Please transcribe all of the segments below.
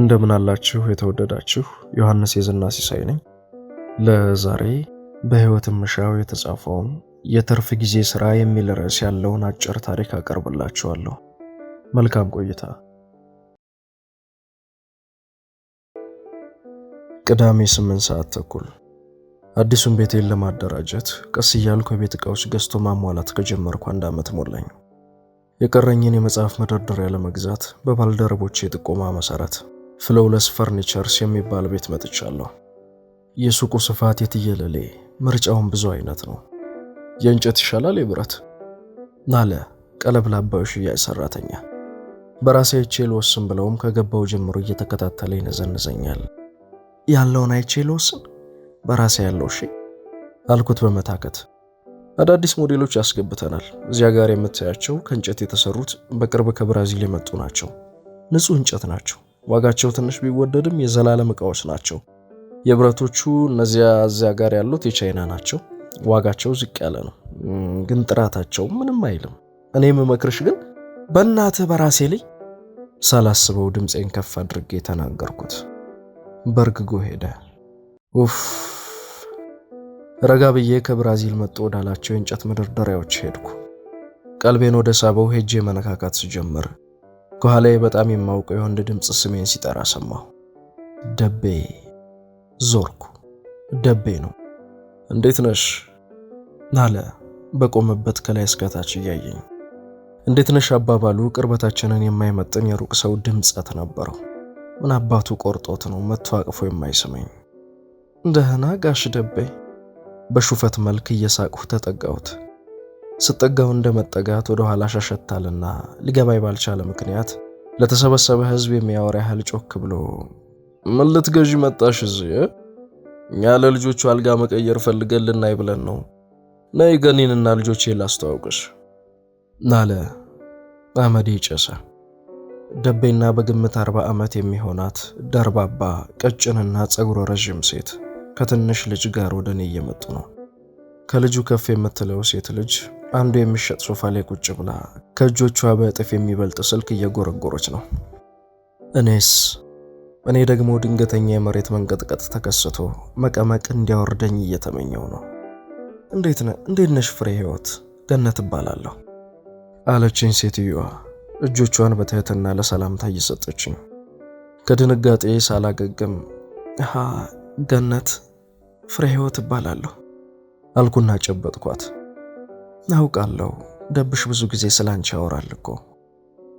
እንደምን አላችሁ የተወደዳችሁ ዮሐንስ የዝና ሲሳይ ነኝ። ለዛሬ በሕይወት ምሻው የተጻፈውን የትርፍ ጊዜ ሥራ የሚል ርዕስ ያለውን አጭር ታሪክ አቀርብላችኋለሁ። መልካም ቆይታ። ቅዳሜ ስምንት ሰዓት ተኩል አዲሱን ቤቴን ለማደራጀት ቀስ እያልኩ የቤት ዕቃዎች ገዝቶ ማሟላት ከጀመርኩ አንድ ዓመት ሞላኝ። የቀረኝን የመጽሐፍ መደርደሪያ ለመግዛት በባልደረቦች የጥቆማ መሠረት ፍሎውለስ ፈርኒቸርስ የሚባል ቤት መጥቻለሁ። የሱቁ ስፋት የትየለሌ ምርጫውን ብዙ አይነት ነው። የእንጨት ይሻላል የብረት ናለ ቀለብ ላባዩ ሽያጭ ሰራተኛ። በራሴ አይቼ ልወስን ብለውም ከገባው ጀምሮ እየተከታተለ ይነዘንዘኛል። ያለውን አይቼ ልወስን በራሴ ያለው እሺ አልኩት በመታከት። አዳዲስ ሞዴሎች ያስገብተናል። እዚያ ጋር የምታያቸው ከእንጨት የተሰሩት በቅርብ ከብራዚል የመጡ ናቸው። ንጹህ እንጨት ናቸው። ዋጋቸው ትንሽ ቢወደድም የዘላለም እቃዎች ናቸው። የብረቶቹ እነዚያ እዚያ ጋር ያሉት የቻይና ናቸው። ዋጋቸው ዝቅ ያለ ነው፣ ግን ጥራታቸው ምንም አይልም። እኔ የምመክርሽ ግን በእናተ በራሴ ላይ ሳላስበው ድምፄን ከፍ አድርጌ የተናገርኩት በርግጎ ሄደ። ኡፍ! ረጋ ብዬ ከብራዚል መጡ ወዳላቸው የእንጨት መደርደሪያዎች ሄድኩ። ቀልቤን ወደ ሳበው ሄጄ መነካካት ስጀምር ከኋላዬ በጣም የማውቀው የወንድ ድምፅ ስሜን ሲጠራ ሰማሁ። ደቤ ዞርኩ። ደቤ ነው። እንዴት ነሽ አለ በቆመበት ከላይ እስከታች እያየኝ። እንዴት ነሽ አባባሉ ቅርበታችንን የማይመጥን የሩቅ ሰው ድምፅ ነበረው። ምን አባቱ ቆርጦት ነው መጥቶ አቅፎ የማይስመኝ? ደህና ጋሽ ደቤ በሹፈት መልክ እየሳቅሁ ተጠጋሁት። ስጠጋው እንደ መጠጋት ወደ ኋላ ሸሸታልና ሊገባኝ ባልቻለ ምክንያት ለተሰበሰበ ህዝብ የሚያወራ ያህል ጮክ ብሎ ምን ልትገዢ መጣሽ? እዚህ እኛ ለልጆቹ አልጋ መቀየር ፈልገን ልናይ ብለን ነው። ነይ ገኒንና ልጆቼ ላስተዋውቅሽ ናለ አመዴ ጨሰ። ደቤና በግምት አርባ ዓመት የሚሆናት ደርባባ ቀጭንና ጸጉሮ ረዥም ሴት ከትንሽ ልጅ ጋር ወደ እኔ እየመጡ ነው። ከልጁ ከፍ የምትለው ሴት ልጅ አንዱ የሚሸጥ ሶፋ ላይ ቁጭ ብላ ከእጆቿ በእጥፍ የሚበልጥ ስልክ እየጎረጎረች ነው። እኔስ እኔ ደግሞ ድንገተኛ የመሬት መንቀጥቀጥ ተከስቶ መቀመቅ እንዲያወርደኝ እየተመኘው ነው። እንዴት ነ እንዴት ነሽ ፍሬ ህይወት? ገነት እባላለሁ አለችኝ ሴትዮዋ እጆቿን በትህትና ለሰላምታ እየሰጠችኝ። ከድንጋጤ ሳላገግም ሃ ገነት ፍሬ ህይወት እባላለሁ አልኩና ጨበጥኳት። አውቃለሁ ደብሽ ብዙ ጊዜ ስላንቺ ያወራል እኮ።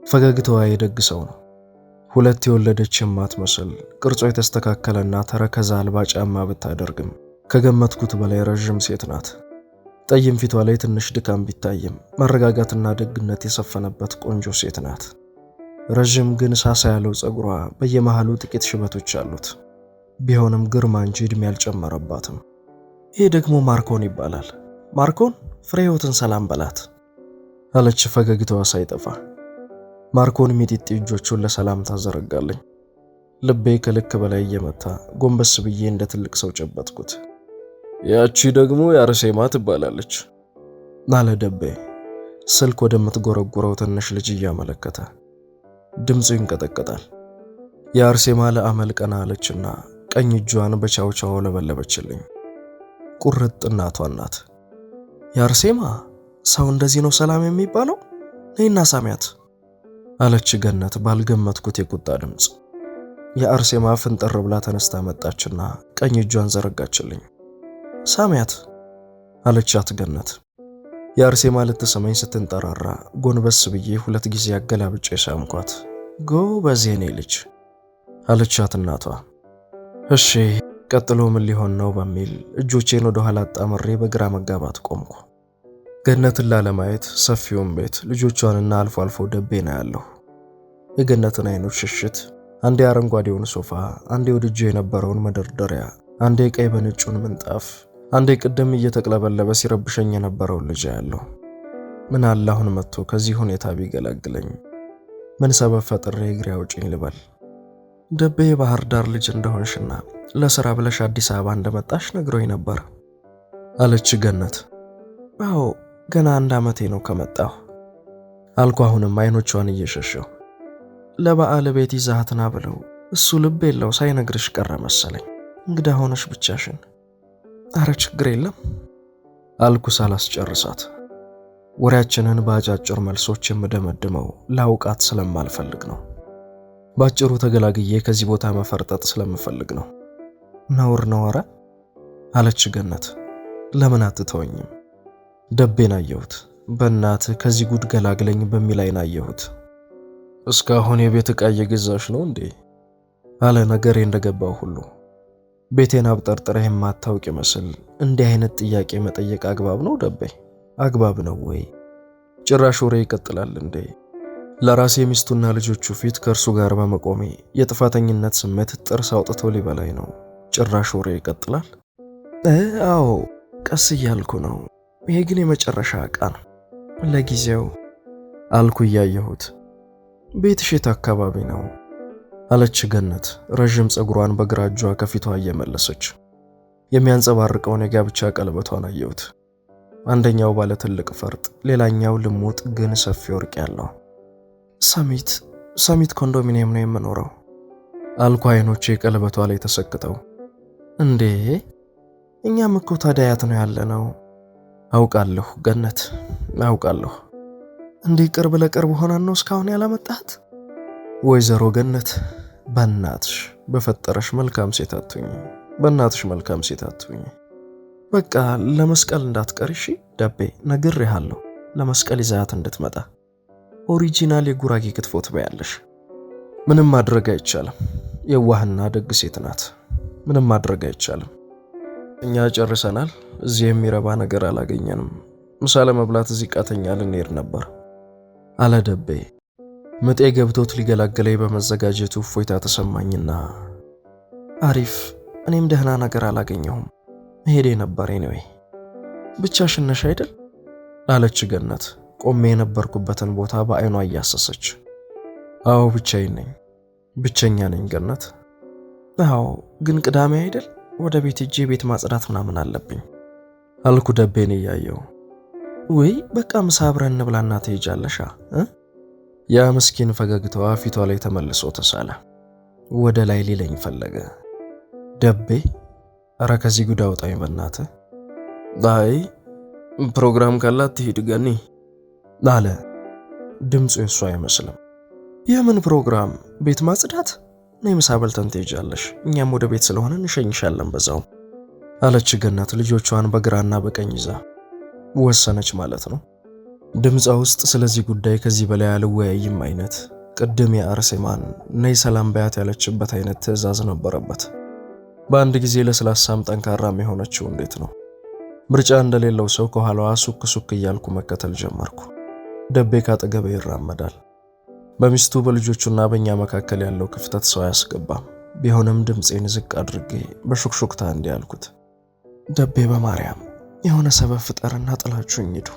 ፈገግታዋ የደግ ሰው ነው። ሁለት የወለደች የማትመስል ቅርጿ የተስተካከለና ተረከዝ አልባ ጫማ ብታደርግም ከገመትኩት በላይ ረዥም ሴት ናት። ጠይም ፊቷ ላይ ትንሽ ድካም ቢታይም መረጋጋትና ደግነት የሰፈነበት ቆንጆ ሴት ናት። ረዥም ግን ሳሳ ያለው ፀጉሯ በየመሃሉ ጥቂት ሽበቶች አሉት። ቢሆንም ግርማ እንጂ ዕድሜ አልጨመረባትም። ይህ ደግሞ ማርኮን ይባላል። ማርኮን ፍሬህይወትን ሰላም በላት አለች ፈገግታዋ ሳይጠፋ። ማርኮን ሚጢጢ እጆቹን ለሰላምታ ዘረጋለኝ። ልቤ ከልክ በላይ እየመታ ጎንበስ ብዬ እንደ ትልቅ ሰው ጨበጥኩት። ያቺ ደግሞ የአርሴማ ትባላለች አለ ደቤ ስልክ ወደምትጎረጉረው ትንሽ ልጅ እያመለከተ ድምፁ ይንቀጠቀጣል። የአርሴማ ለአመል ቀና አለችና ቀኝ እጇን በቻውቻው ለበለበችልኝ። ቁርጥ እናቷ ናት። የአርሴማ ሰው እንደዚህ ነው ሰላም የሚባለው? ነይና ሳሚያት አለች ገነት ባልገመትኩት የቁጣ ድምፅ። የአርሴማ ፍንጥር ብላ ተነስታ መጣችና ቀኝ እጇን ዘረጋችልኝ። ሳሚያት አለቻት ገነት። የአርሴማ ልትሰማኝ ስትንጠራራ ጎንበስ ብዬ ሁለት ጊዜ አገላብጬ ሳምኳት። ጎበዝ የኔ ልጅ አለቻት እናቷ። እሺ ቀጥሎ ምን ሊሆን ነው በሚል እጆቼን ወደ ኋላ አጣምሬ በግራ መጋባት ቆምኩ። ገነትን ላለማየት ሰፊውን ቤት ልጆቿንና አልፎ አልፎ ደቤ ነው ያለሁ። የገነትን አይኖች ሽሽት አንዴ አረንጓዴውን ሶፋ፣ አንዴ ወድጄ የነበረውን መደርደሪያ፣ አንዴ ቀይ በነጩን ምንጣፍ፣ አንዴ ቅድም እየተቅለበለበ ሲረብሸኝ የነበረውን ልጅ ያለሁ። ምን አለ አሁን መጥቶ ከዚህ ሁኔታ ቢገላግለኝ? ምን ሰበብ ፈጥሬ እግሬ አውጪኝ ልበል? ደቤ የባህር ዳር ልጅ እንደሆንሽና ለሥራ ብለሽ አዲስ አበባ እንደመጣሽ ነግሮኝ ነበር አለች ገነት። አዎ ገና አንድ ዓመቴ ነው ከመጣሁ አልኩ፣ አሁንም አይኖቿን እየሸሸው። ለበዓል ቤት ይዛትና ብለው እሱ ልብ የለው ሳይነግርሽ ቀረ መሰለኝ። እንግዳ ሆነሽ ብቻሽን። አረ ችግር የለም አልኩ ሳላስጨርሳት። ወሬያችንን በአጫጭር መልሶች የምደመድመው ላውቃት ስለማልፈልግ ነው። ባጭሩ ተገላግዬ ከዚህ ቦታ መፈርጠጥ ስለምፈልግ ነው። ነውር ነው ኧረ አለች ገነት። ለምን አትተወኝም? ደቤን አየሁት። በእናት ከዚህ ጉድ ገላግለኝ በሚል አይን አየሁት። እስካሁን የቤት ዕቃ እየገዛሽ ነው እንዴ? አለ ነገሬ እንደገባው ሁሉ። ቤቴን አብጠርጥራ የማታውቅ ይመስል እንዲህ አይነት ጥያቄ መጠየቅ አግባብ ነው ደቤ? አግባብ ነው ወይ? ጭራሽ ወሬ ይቀጥላል እንዴ? ለራሴ ሚስቱና ልጆቹ ፊት ከእርሱ ጋር በመቆሜ የጥፋተኝነት ስሜት ጥርስ አውጥቶ ሊበላይ ነው። ጭራሽ ወሬ ይቀጥላል። አዎ ቀስ እያልኩ ነው። ይሄ ግን የመጨረሻ ዕቃ ነው ለጊዜው አልኩ እያየሁት። ቤትሽ የት አካባቢ ነው አለች ገነት ረዥም ፀጉሯን በግራ እጇ ከፊቷ እየመለሰች። የሚያንጸባርቀውን የጋብቻ ቀለበቷን አየሁት። አንደኛው ባለ ትልቅ ፈርጥ፣ ሌላኛው ልሙጥ ግን ሰፊ ወርቅ ያለው ሰሚት ሰሚት ኮንዶሚኒየም ነው የምኖረው አልኩ አይኖቼ ቀለበቷ ላይ ተሰክተው። እንዴ እኛም እኮ ታዲያያት ነው ያለ ነው። አውቃለሁ ገነት አውቃለሁ። እንዲህ ቅርብ ለቅርብ ሆናን ነው እስካሁን ያላመጣት። ወይዘሮ ገነት በእናትሽ በፈጠረሽ መልካም ሴት አትሁኝ፣ በእናትሽ መልካም ሴት አትሁኝ። በቃ ለመስቀል እንዳትቀር እሺ። ደቤ ነግሬሃለሁ፣ ለመስቀል ይዛያት እንድትመጣ ኦሪጂናል የጉራጌ ክትፎ ትበያለሽ። ምንም ማድረግ አይቻልም። የዋህና ደግ ሴት ናት። ምንም ማድረግ አይቻልም። እኛ ጨርሰናል። እዚህ የሚረባ ነገር አላገኘንም። ምሳ ለመብላት እዚህ ቃተኛ ልንሄድ ነበር አለ ደቤ። ምጤ ገብቶት ሊገላገለኝ በመዘጋጀቱ እፎይታ ተሰማኝና አሪፍ፣ እኔም ደህና ነገር አላገኘሁም መሄዴ ነበር። ኔ ወይ ብቻሽን ነሽ አይደል? ላለች ገነት ቆሜ የነበርኩበትን ቦታ በአይኗ እያሰሰች አዎ ብቻዬን ነኝ፣ ብቸኛ ነኝ ገነት። አዎ ግን ቅዳሜ አይደል ወደ ቤት እጄ ቤት ማጽዳት ምናምን አለብኝ አልኩ ደቤን እያየው። ወይ በቃ ምሳ አብረን እንብላና ትሄጃለሻ ያ ምስኪን ፈገግታዋ ፊቷ ላይ ተመልሶ ተሳለ። ወደ ላይ ሊለኝ ፈለገ። ደቤ እረ ከዚህ ጉዳ አውጣኝ በናት አይ ፕሮግራም ካላት ትሄድ ገኒ አለ። ድምፁ የእሱ አይመስልም። የምን ፕሮግራም? ቤት ማጽዳት? ነይ ምሳ በልተን ትሄጃለሽ። እኛም ወደ ቤት ስለሆነ እንሸኝሻለን በዛው አለች ገነት ልጆቿን በግራና በቀኝ ይዛ። ወሰነች ማለት ነው። ድምፃ ውስጥ ስለዚህ ጉዳይ ከዚህ በላይ አልወያይም አይነት ቅድም የአርሴማን ነይ ሰላም በያት ያለችበት አይነት ትዕዛዝ ነበረበት። በአንድ ጊዜ ለስላሳም ጠንካራም የሆነችው እንዴት ነው! ምርጫ እንደሌለው ሰው ከኋላዋ ሱክ ሱክ እያልኩ መከተል ጀመርኩ። ደቤ ካጠገበ ይራመዳል። በሚስቱ በልጆቹና በእኛ መካከል ያለው ክፍተት ሰው አያስገባም። ቢሆንም ድምፄን ዝቅ አድርጌ በሹክሹክታ እንዲህ አልኩት፣ ደቤ በማርያም የሆነ ሰበብ ፍጠርና ጥላችሁኝ ሂዱ።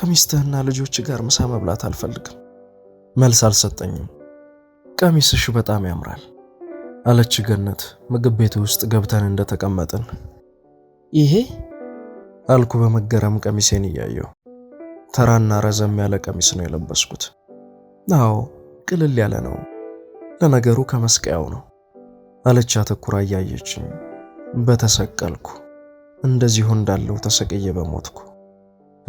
ከሚስትህና ልጆች ጋር ምሳ መብላት አልፈልግም። መልስ አልሰጠኝም። ቀሚስሽ በጣም ያምራል አለች ገነት ምግብ ቤት ውስጥ ገብተን እንደተቀመጥን። ይሄ አልኩ በመገረም ቀሚሴን እያየው። ተራና ረዘም ያለ ቀሚስ ነው የለበስኩት። አዎ ቅልል ያለ ነው፣ ለነገሩ ከመስቀያው ነው አለች አተኩራ እያየችኝ። በተሰቀልኩ እንደዚሁ እንዳለው ተሰቅዬ በሞትኩ።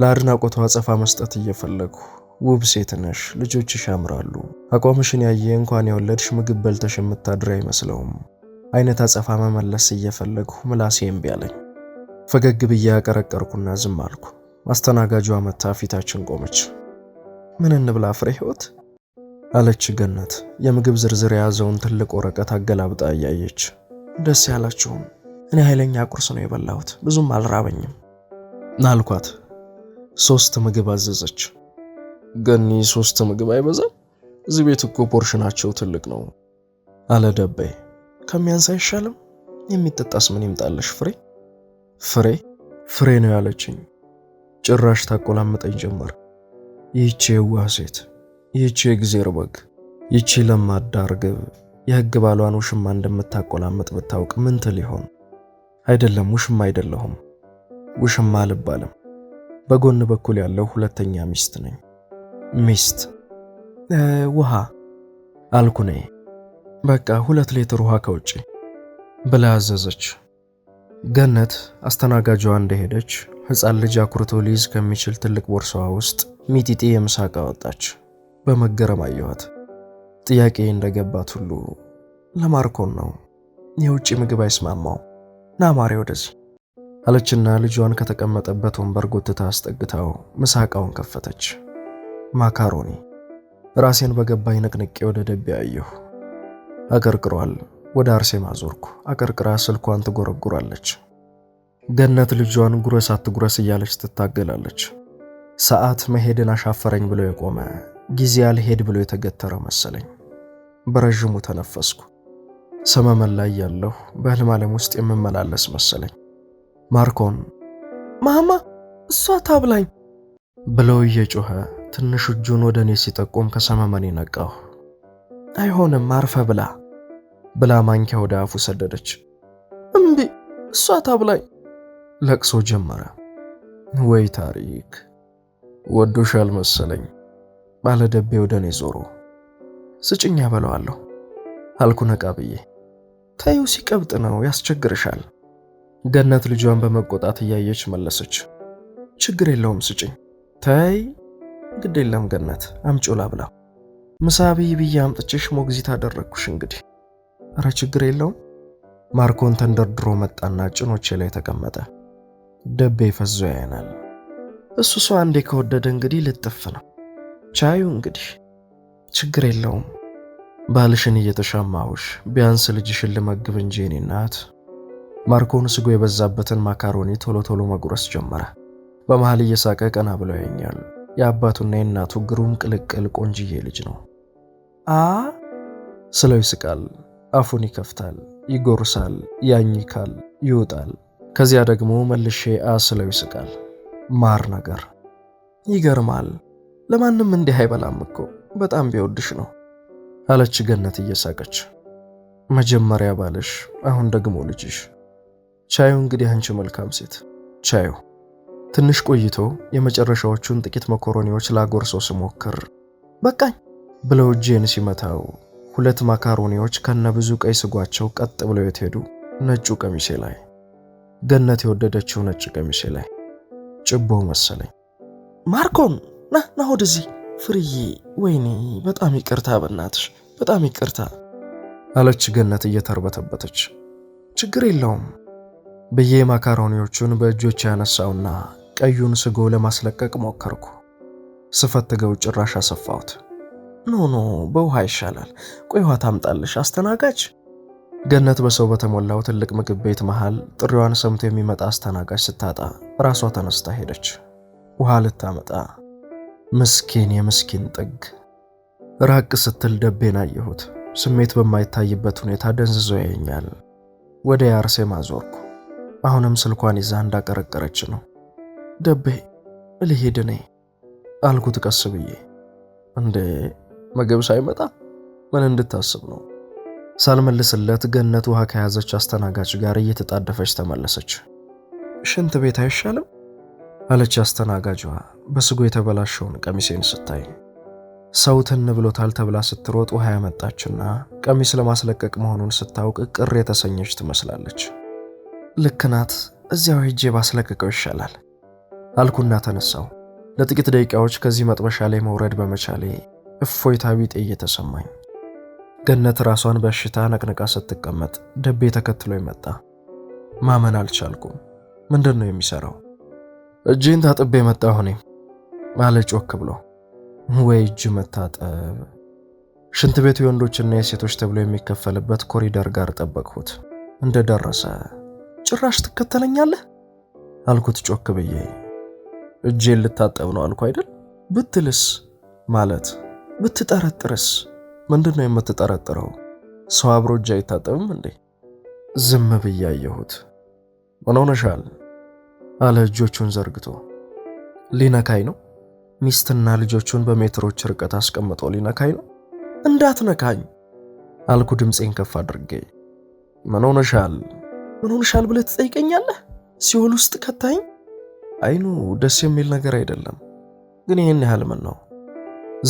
ለአድናቆቷ አጸፋ መስጠት እየፈለግሁ ውብ ሴት ነሽ፣ ልጆችሽ ያምራሉ፣ አቋምሽን ያየ እንኳን የወለድሽ ምግብ በልተሽ የምታድር አይመስለውም አይነት አጸፋ መመለስ እየፈለግሁ ምላሴ እምቢ አለኝ። ፈገግ ብዬ ያቀረቀርኩና ዝም አልኩ። ማስተናጋጇ መታ ፊታችን ቆመች። ምን እንብላ ፍሬ ህይወት አለች ገነት የምግብ ዝርዝር የያዘውን ትልቅ ወረቀት አገላብጣ እያየች። ደስ ያላችሁም እኔ ኃይለኛ ቁርስ ነው የበላሁት ብዙም አልራበኝም ናልኳት። ሶስት ምግብ አዘዘች። ገኒ ሶስት ምግብ አይበዛም እዚህ ቤት እኮ ፖርሽናቸው ትልቅ ነው አለ ደበይ። ከሚያንስ አይሻልም? የሚጠጣስ ምን ይምጣለሽ ፍሬ? ፍሬ ፍሬ ነው ያለችኝ። ጭራሽ ታቆላመጠኝ ጀመር። ይህቺ የዋህ ሴት፣ ይህቺ የእግዜር በግ፣ ይቺ ለማዳ ርግብ የህግ ባሏን ውሽማ እንደምታቆላመጥ ብታውቅ ምን ትል ይሆን? አይደለም ውሽማ አይደለሁም፣ ውሽማ አልባልም። በጎን በኩል ያለው ሁለተኛ ሚስት ነኝ። ሚስት ውሃ አልኩኔ። በቃ ሁለት ሌትር ውሃ ከውጪ ብላ አዘዘች። ገነት አስተናጋጇ እንደሄደች ሕፃን ልጅ አኩርቶ ሊይዝ ከሚችል ትልቅ ቦርሳዋ ውስጥ ሚጢጢ የምሳ ዕቃ አወጣች። በመገረም አየኋት። ጥያቄ እንደገባት ሁሉ ለማርኮን ነው የውጭ ምግብ አይስማማው፣ ና ማሬ ወደዚህ አለችና ልጇን ከተቀመጠበት ወንበር ጎትታ አስጠግታው ምሳቃውን ከፈተች። ማካሮኒ። ራሴን በገባኝ ንቅንቄ ወደ ደቤ አየሁ። አቀርቅሯል። ወደ አርሴማ ዞርኩ። አቀርቅራ ስልኳን ትጎረጉራለች። ገነት ልጇን ጉረስ አትጉረስ እያለች ትታገላለች። ሰዓት መሄድን አሻፈረኝ ብሎ የቆመ ጊዜ አልሄድ ብሎ የተገተረ መሰለኝ። በረዥሙ ተነፈስኩ። ሰመመን ላይ ያለሁ በህልም ዓለም ውስጥ የምመላለስ መሰለኝ። ማርኮን ማማ እሷ ታብላኝ ብለው እየጮኸ ትንሽ እጁን ወደ እኔ ሲጠቁም ከሰመመን ነቃሁ። አይሆንም አርፈ ብላ ብላ ማንኪያ ወደ አፉ ሰደደች። እምቢ እሷ ታብላኝ ለቅሶ ጀመረ። ወይ ታሪክ ወዶሻል መሰለኝ ባለ ደቤ ወደ እኔ ዞሮ ስጭኝ ያበለዋለሁ አልኩ ነቃ ብዬ። ታዩ ሲቀብጥ ነው ያስቸግርሻል። ገነት ልጇን በመቆጣት እያየች መለሰች። ችግር የለውም ስጭኝ። ታይ ግድ የለም ገነት አምጮላ ብላ ምሳቢ ብዬ አምጥቼሽ ሞግዚት አደረግኩሽ እንግዲህ። እረ ችግር የለውም ማርኮን ተንደርድሮ መጣና ጭኖቼ ላይ ተቀመጠ። ደቤ ፈዞ ያይናል እሱ ሰው አንዴ ከወደደ እንግዲህ ልጥፍ ነው። ቻዩ እንግዲህ ችግር የለውም። ባልሽን እየተሻማውሽ ቢያንስ ልጅሽን ልመግብ እንጂ እኔ እናት። ማርኮን ስጎ የበዛበትን ማካሮኒ ቶሎ ቶሎ መጉረስ ጀመረ። በመሃል እየሳቀ ቀና ብለው ያኛሉ። የአባቱና የእናቱ ግሩም ቅልቅል ቆንጅዬ ልጅ ነው። አ ስለው ይስቃል፣ አፉን ይከፍታል፣ ይጎርሳል፣ ያኝካል፣ ይውጣል። ከዚያ ደግሞ መልሼ አስለው ይስቃል። ማር ነገር ይገርማል። ለማንም እንዲህ አይበላም እኮ በጣም ቢወድሽ ነው አለች ገነት እየሳቀች። መጀመሪያ ባልሽ፣ አሁን ደግሞ ልጅሽ። ቻዩ እንግዲህ አንቺ መልካም ሴት ቻዩ። ትንሽ ቆይቶ የመጨረሻዎቹን ጥቂት መኮሮኒዎች ላጎርሶ ስሞክር በቃኝ ብለው እጄን ሲመታው ሁለት ማካሮኒዎች ከነ ብዙ ቀይ ስጓቸው ቀጥ ብለው የትሄዱ ነጩ ቀሚሴ ላይ ገነት የወደደችው ነጭ ቀሚሴ ላይ ጭቦ መሰለኝ። ማርኮን ና ና ወደዚህ ፍርዬ። ወይኔ በጣም ይቅርታ፣ በናትሽ በጣም ይቅርታ አለች ገነት እየተርበተበተች። ችግር የለውም ብዬ ማካሮኒዎቹን በእጆች ያነሳውና ቀዩን ስጎ ለማስለቀቅ ሞከርኩ። ስፈትገው ጭራሽ አሰፋሁት። ኖ ኖ፣ በውሃ ይሻላል። ቆይ ውሃ ታምጣልሽ አስተናጋጅ ገነት በሰው በተሞላው ትልቅ ምግብ ቤት መሃል ጥሪዋን ሰምቶ የሚመጣ አስተናጋጅ ስታጣ ራሷ ተነስታ ሄደች ውሃ ልታመጣ። ምስኪን የምስኪን ጥግ። ራቅ ስትል ደቤን አየሁት። ስሜት በማይታይበት ሁኔታ ደንዝዞ ያየኛል። ወደ የአርሴማ ዞርኩ። አሁንም ስልኳን ይዛ እንዳቀረቀረች ነው። ደቤ ልሄድ እኔ አልኩት ቀስ ብዬ። እንዴ ምግብ ሳይመጣ ምን እንድታስብ ነው? ሳልመልስለት ገነት ውሃ ከያዘች አስተናጋጅ ጋር እየተጣደፈች ተመለሰች። ሽንት ቤት አይሻልም አለች አስተናጋጇ በስጎ የተበላሸውን ቀሚሴን ስታይ። ሰው ትን ብሎታል ተብላ ስትሮጥ ውሃ ያመጣችና ቀሚስ ለማስለቀቅ መሆኑን ስታውቅ ቅር የተሰኘች ትመስላለች። ልክ ናት፣ እዚያው ሄጄ ባስለቅቀው ይሻላል አልኩና ተነሳው። ለጥቂት ደቂቃዎች ከዚህ መጥበሻ ላይ መውረድ በመቻሌ እፎይታ ቢጤ እየተሰማኝ ገነት ራሷን በሽታ ነቅንቃ ስትቀመጥ ደቤ ተከትሎ መጣ። ማመን አልቻልኩም። ምንድን ነው የሚሰራው? እጄን ታጥቤ መጣ ሆኔ አለ ጮክ ብሎ። ወይ እጅ መታጠብ። ሽንት ቤቱ የወንዶችና የሴቶች ተብሎ የሚከፈልበት ኮሪደር ጋር ጠበቅሁት። እንደደረሰ ጭራሽ ትከተለኛለህ አልኩት ጮክ ብዬ። እጄን ልታጠብ ነው አልኩ አይደል? ብትልስ ማለት ብትጠረጥርስ ምንድን ነው የምትጠረጥረው? ሰው አብሮ እጅ አይታጠብም እንዴ? ዝም ብዬ አየሁት። ምን ሆነሻል? አለ እጆቹን ዘርግቶ። ሊነካኝ ነው። ሚስትና ልጆቹን በሜትሮች ርቀት አስቀምጦ ሊነካኝ ነው። እንዳትነካኝ አልኩ ድምፄን ከፍ አድርጌ። ምን ሆነሻል? ምን ሆነሻል ብለህ ትጠይቀኛለህ? ሲኦል ውስጥ ከታኝ። አይኑ ደስ የሚል ነገር አይደለም፣ ግን ይህን ያህል ምን ነው?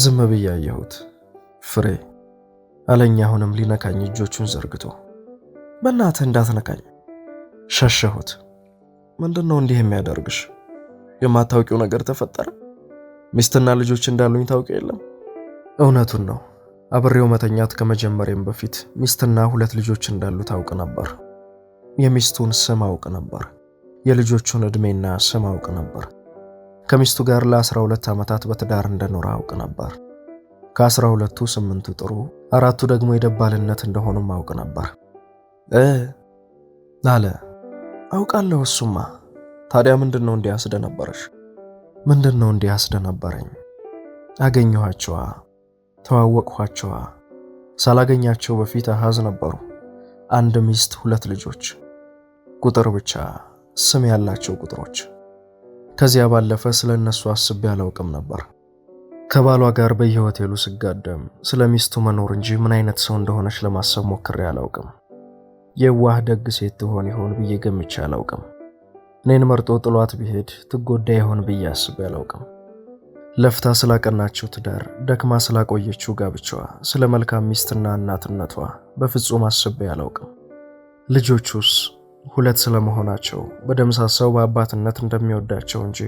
ዝም ብዬ አየሁት። ፍሬ አለኝ አሁንም ሊነካኝ እጆቹን ዘርግቶ። በእናትህ እንዳትነካኝ። ሸሸሁት። ምንድን ነው እንዲህ የሚያደርግሽ? የማታውቂው ነገር ተፈጠረ? ሚስትና ልጆች እንዳሉኝ ታውቂ የለም? እውነቱን ነው። አብሬው መተኛት ከመጀመሪያም በፊት ሚስትና ሁለት ልጆች እንዳሉ ታውቅ ነበር። የሚስቱን ስም አውቅ ነበር። የልጆቹን ዕድሜና ስም አውቅ ነበር። ከሚስቱ ጋር ለ12 ዓመታት በትዳር እንደኖረ አውቅ ነበር። ከአስራ ሁለቱ ስምንቱ ጥሩ አራቱ ደግሞ የደባልነት እንደሆኑም አውቅ ነበር እ አለ አውቃለሁ። እሱማ ታዲያ ምንድን ነው እንዲያስደነበረሽ? ምንድን ነው እንዲያስደነበረኝ? አገኘኋቸዋ፣ ተዋወቅኋቸዋ። ሳላገኛቸው በፊት አሃዝ ነበሩ። አንድ ሚስት፣ ሁለት ልጆች፣ ቁጥር ብቻ ስም ያላቸው ቁጥሮች። ከዚያ ባለፈ ስለ እነሱ አስቤ አላውቅም ነበር። ከባሏ ጋር በየሆቴሉ ስጋደም ስለ ሚስቱ መኖር እንጂ ምን አይነት ሰው እንደሆነች ለማሰብ ሞክሬ አላውቅም። የዋህ ደግ ሴት ትሆን ይሆን ብዬ ገምቼ አላውቅም። እኔን መርጦ ጥሏት ቢሄድ ትጎዳ ይሆን ብዬ አስቤ አላውቅም። ለፍታ ስላቀናችው ትዳር፣ ደክማ ስላቆየችው ጋብቻዋ፣ ስለ መልካም ሚስትና እናትነቷ በፍጹም አስቤ አላውቅም። ልጆቹስ ሁለት ስለመሆናቸው በደምሳሳው በአባትነት እንደሚወዳቸው እንጂ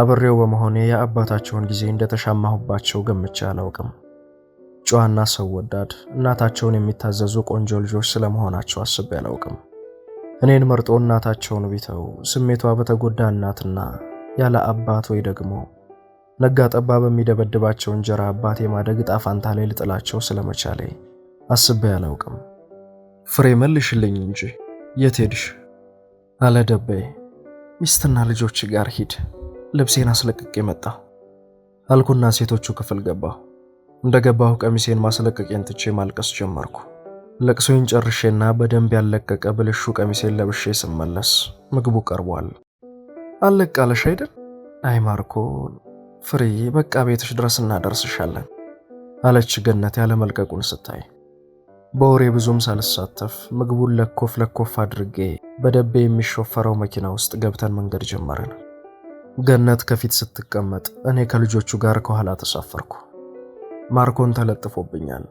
አብሬው በመሆኔ የአባታቸውን ጊዜ እንደተሻማሁባቸው ገምቼ አላውቅም። ጨዋና ሰው ወዳድ እናታቸውን የሚታዘዙ ቆንጆ ልጆች ስለመሆናቸው አስቤ አላውቅም። እኔን መርጦ እናታቸውን ቢተው ስሜቷ በተጎዳ እናትና ያለ አባት ወይ ደግሞ ነጋ ጠባ በሚደበድባቸው እንጀራ አባት የማደግ ዕጣ ላይ ልጥላቸው ስለመቻሌ አስቤ አላውቅም። ፍሬ መልሽልኝ እንጂ የት ሄድሽ? አለ ደቤ። ሚስትና ልጆች ጋር ሂድ ልብሴን አስለቅቄ መጣ አልኩና ሴቶቹ ክፍል ገባሁ። እንደ ገባሁ ቀሚሴን ማስለቀቄን ትቼ ማልቀስ ጀመርኩ። ለቅሶዬን ጨርሼና በደንብ ያለቀቀ ብልሹ ቀሚሴን ለብሼ ስመለስ ምግቡ ቀርቧል። አለቃለሽ አይደል? አይ ማርኮ ፍሬ፣ በቃ ቤትሽ ድረስ እናደርስሻለን አለች ገነት ያለመልቀቁን ስታይ። በወሬ ብዙም ሳልሳተፍ ምግቡን ለኮፍ ለኮፍ አድርጌ በደቤ የሚሾፈረው መኪና ውስጥ ገብተን መንገድ ጀመርን። ገነት ከፊት ስትቀመጥ እኔ ከልጆቹ ጋር ከኋላ ተሳፈርኩ። ማርኮን ተለጥፎብኛል።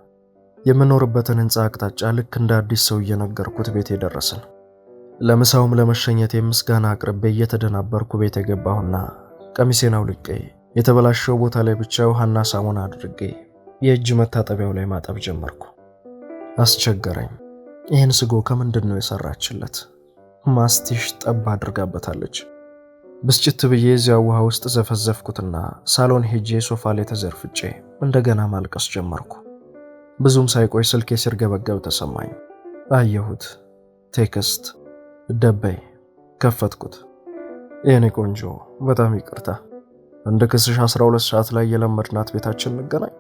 የምኖርበትን ሕንፃ አቅጣጫ ልክ እንደ አዲስ ሰው እየነገርኩት ቤቴ ደረስን። ለምሳውም ለመሸኘት የምስጋና አቅርቤ እየተደናበርኩ ቤት የገባሁና ቀሚሴን አውልቄ የተበላሸው ቦታ ላይ ብቻ ውሃና ሳሙና አድርጌ የእጅ መታጠቢያው ላይ ማጠብ ጀመርኩ። አስቸገረኝ። ይህን ስጎ ከምንድን ነው የሰራችለት? ማስቲሽ ጠብ አድርጋበታለች። ብስጭት ብዬ እዚያ ውሃ ውስጥ ዘፈዘፍኩትና ሳሎን ሄጄ ሶፋ ላይ ተዘርፍጬ እንደገና ማልቀስ ጀመርኩ። ብዙም ሳይቆይ ስልኬ ሲርገበገብ ተሰማኝ። አየሁት። ቴክስት ደበይ። ከፈትኩት። የኔ ቆንጆ በጣም ይቅርታ፣ እንደ ክስሽ 12 ሰዓት ላይ የለመድናት ቤታችን እንገናኝ፣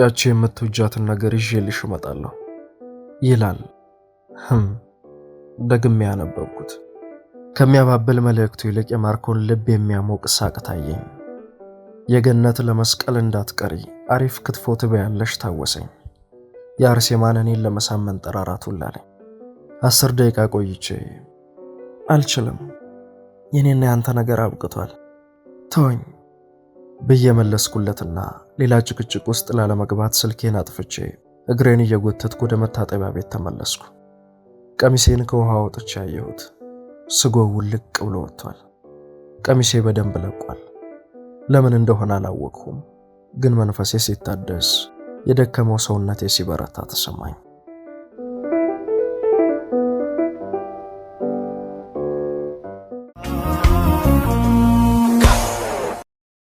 ያቺ የምትውጃትን ነገር ይዤልሽ እመጣለሁ ይላል። ህም ደግሜ ያነበብኩት። ከሚያባብል መልእክቱ ይልቅ የማርኮን ልብ የሚያሞቅ ሳቅ ታየኝ። የገነት ለመስቀል እንዳትቀሪ አሪፍ ክትፎ ትበያለሽ ታወሰኝ። የአርሴማን እኔን ለመሳመን ጠራራቱላ አለኝ። አስር ደቂቃ ቆይቼ አልችልም፣ የኔና ያንተ ነገር አብቅቷል፣ ተወኝ ብዬ መለስኩለትና ሌላ ጭቅጭቅ ውስጥ ላለመግባት ስልኬን አጥፍቼ እግሬን እየጎተትኩ ወደ መታጠቢያ ቤት ተመለስኩ። ቀሚሴን ከውሃ አውጥቼ አየሁት። ስጎ ውልቅ ብሎ ወጥቷል። ቀሚሴ በደንብ ለቋል። ለምን እንደሆነ አላወቅሁም፣ ግን መንፈሴ ሲታደስ የደከመው ሰውነቴ ሲበረታ ተሰማኝ።